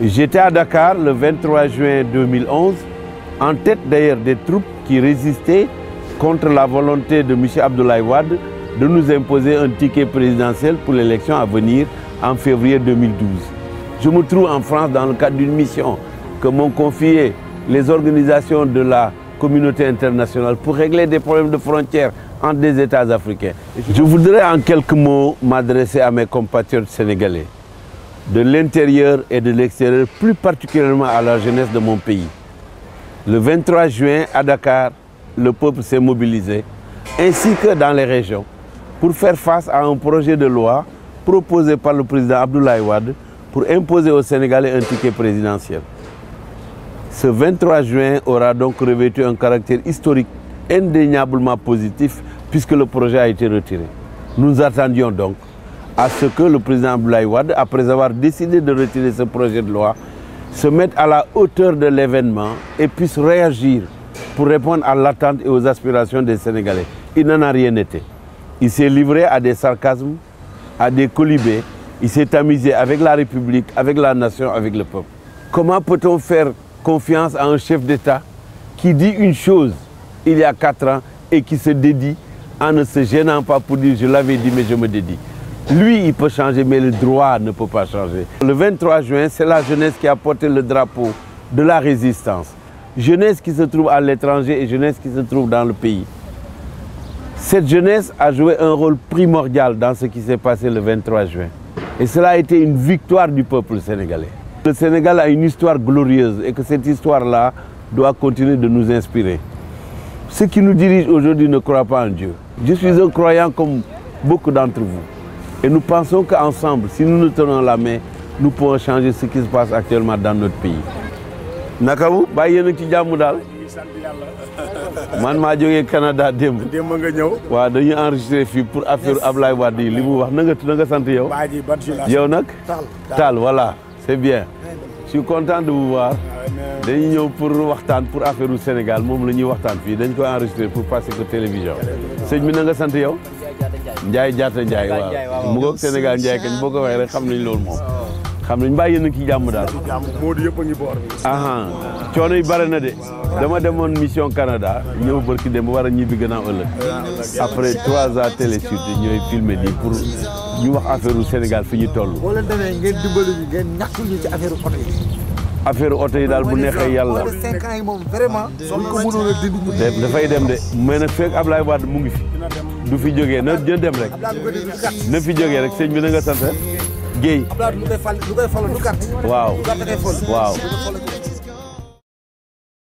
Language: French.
J'étais à Dakar le 23 juin 2011, en tête d'ailleurs des troupes qui résistaient contre la volonté de M. Abdoulaye Wade de nous imposer un ticket présidentiel pour l'élection à venir en février 2012. Je me trouve en France dans le cadre d'une mission que m'ont confiée les organisations de la communauté internationale pour régler des problèmes de frontières entre des États africains. Je voudrais en quelques mots m'adresser à mes compatriotes sénégalais de l'intérieur et de l'extérieur, plus particulièrement à la jeunesse de mon pays. Le 23 juin, à Dakar, le peuple s'est mobilisé, ainsi que dans les régions, pour faire face à un projet de loi proposé par le président Abdoulaye Wade pour imposer aux Sénégalais un ticket présidentiel. Ce 23 juin aura donc revêtu un caractère historique indéniablement positif puisque le projet a été retiré. Nous attendions donc à ce que le président Blaïwad, après avoir décidé de retirer ce projet de loi, se mette à la hauteur de l'événement et puisse réagir pour répondre à l'attente et aux aspirations des Sénégalais. Il n'en a rien été. Il s'est livré à des sarcasmes, à des colibés. Il s'est amusé avec la République, avec la nation, avec le peuple. Comment peut-on faire confiance à un chef d'État qui dit une chose il y a quatre ans et qui se dédie en ne se gênant pas pour dire je l'avais dit mais je me dédie lui, il peut changer, mais le droit ne peut pas changer. Le 23 juin, c'est la jeunesse qui a porté le drapeau de la résistance. Jeunesse qui se trouve à l'étranger et jeunesse qui se trouve dans le pays. Cette jeunesse a joué un rôle primordial dans ce qui s'est passé le 23 juin. Et cela a été une victoire du peuple sénégalais. Le Sénégal a une histoire glorieuse et que cette histoire-là doit continuer de nous inspirer. Ceux qui nous dirigent aujourd'hui ne croient pas en Dieu. Je suis un croyant comme beaucoup d'entre vous. Et nous pensons qu'ensemble, si nous nous tenons la main, nous pouvons changer ce qui se passe actuellement dans notre pays. Nakamu, bayenu ci jamu Man ma joggé Canada dem. Dem nga ñew. Wa dañu enregistrer fi pour affaire Ablaye Wade li mu wax na nga na nga sante yow. Yow nak Tal voilà, c'est bien. Je suis content de vous voir. Ah, euh, dañu ñew pour waxtaan pour affaire du Sénégal mom lañuy ñuy waxtaan fii dañ ko enregistrer pour passer ko télévision sëñ bi na nga sante yow Ndiaye jaata Ndiaye waaw mu ngoog Sénégal Ndiaye kañ boo ko waxee rek xam nañ loolu moom xam nañ mbaa yéen a jàmm daal di yëpp a ngi boor aha coono yi bare na de dama demoon mission Canada ñëw barki dem war a ñibbi gannaaw ëllëg après trois ans télé sud ñooy filmé nii pour ñu wax affaire u Sénégal fi ñu toll boo leen affaire oto yi affaire yi daal bu neexee yàlla dafay dem de mais nag fekk Ablaye Wade mu ngi fi du fi jógee na jë dem rek na fi jógee rek sëñ bi na nga sant Guèye waaw waaw